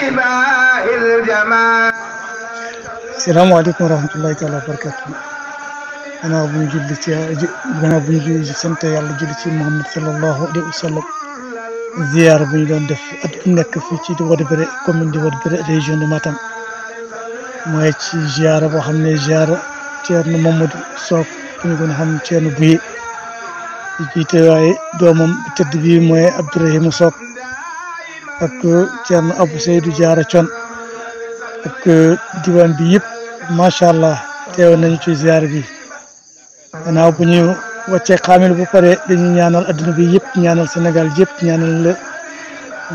بإباء الجمال السلام عليكم ورحمة الله تعالى وبركاته أنا أبو جلتي أنا أبو جلتي سنت يلا جلتي محمد صلى الله عليه وسلم زيارة بني دف لندف أدمنا كفيتي دوار بري كم كومن دوار بري ريجون ماتم ما يتشي زيارة وحمنا زيارة تيرن محمد صوب كنقول هم تيرن بيه يجي تواي دومم تدبي موي عبد الرحيم صوب ak Thierno Abou du Diarra Thion ak diwaan bi yëpp macha allah teew nañu ci ziar bi gannaaw bu ñu wàccee xaamil bu pare dañu ñaanal adduna bi yëpp ñaanal Sénégal yëpp ñaanal la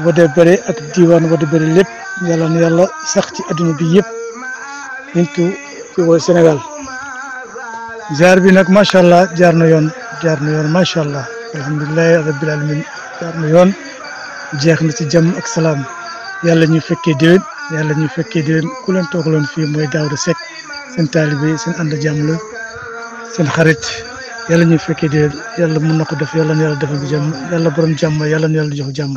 wada ak diwaan wada bëre lépp yàlla na yàlla ci adduna bi yëpp bintu ci woy Sénégal ziar bi nag macha allah jaar na yoon jaar na macha allah alhamdulilah rabbil alamin jaar na yoon. jeexna ci jàmm ak salam yalla ñu fekke deewet yalla ñu fekke deewet ku leen toogaloon fi moy daawda sek seen talibé seen ànd jàmm la seen xarit yalla ñu fekke deewet yalla mu nako ko def yàlla yalla defal ko jàmm yalla borom jàmm yàlla yalla jox jàmm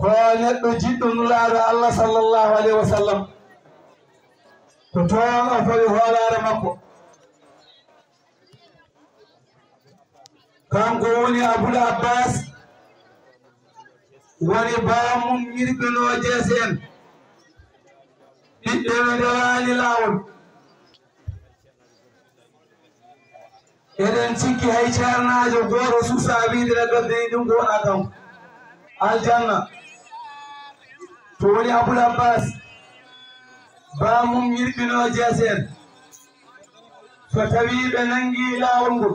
ko neɗɗo jiɗɗo nulaaɗo allah sallallahu alaihi wasallam to toon o fawi hoolaare makko kanko woni aboul abbas woni bawamum mirɓenojees en ɓiɓɓe no ndewani lawol eɗen cikki hay carnajo goto susa wide ragaldeni ɗum gowona kam aljanna to woni aboul abbas bawamum mirɓinojees en so tawi ɓe nangui lawol ngol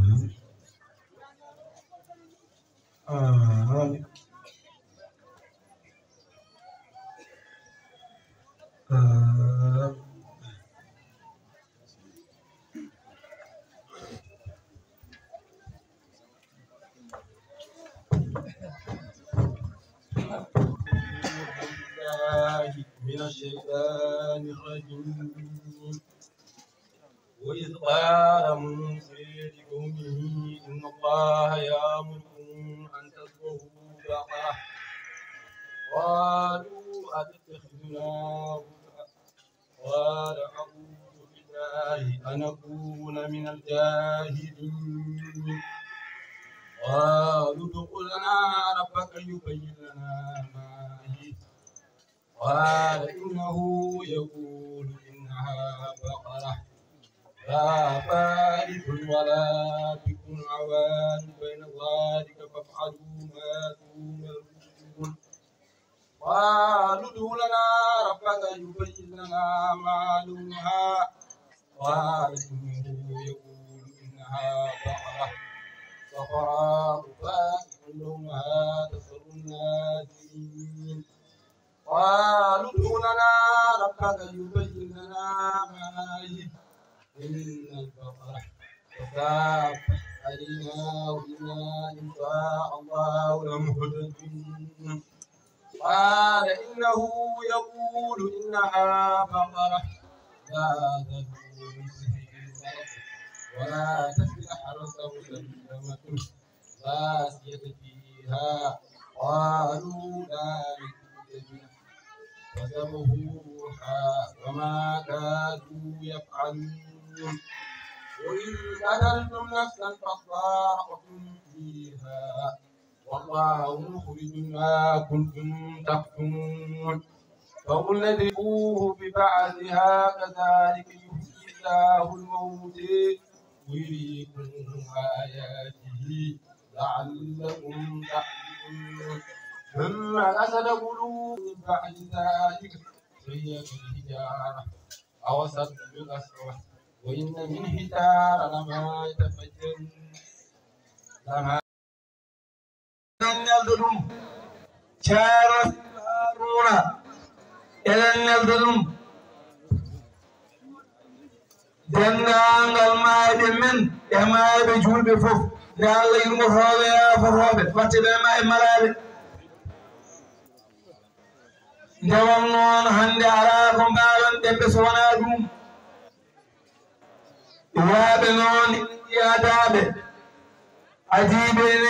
من الشيطان الرجيم وإذ قال موسى لقومه إن الله يأمركم أن تذبحوا بقرة قالوا أتتخذنا قال أعوذ بالله أن أكون من الجاهلين قالوا ادع لنا ربك يبين لنا ما هي قال إنه يقول إنها بقرة لا فارض ولا بكم عوان بين ذلك فافعلوا ما تؤمرون قالوا ادع لنا ربك يبين أعمالها وعليه يقول إنها بقرة صفراء فاكر لونها تسر الناظرين قالوا لنا ربك يبين لنا ما هي إن البقرة تخاف علينا وإنا إن شاء الله لمهتدون قال إنه يقول إنها بقرة لا تدور ولا تسبي أحرس مسلمة باسية فيها قالوا لا نكذب ودمه وما كادوا يفعلون وإن قتلتم نفسا فالله أو نخرج ما كنتم تكتمون فقل اذوقوه ببعضها كذلك يحيي الله الموت ويريكم آياته لعلكم تعقلون ثم أسد قلوب بعد ذلك فهي كالحجارة أو أشد من وإن من حجارة لما يتفجر لما nelda ɗum jaarot haruna eɗen nelda ɗum dendagal maayɓe men e maayɓe juulɓe fof nde allah yurmotooɓe e yaafotooɓe watte ɓe ma e malaaɓe nde won noon hannde alaa ko mbaalon ɗemɓe so wonaa ɗum waaɓe noon iyadaaɓe adiiɓe ne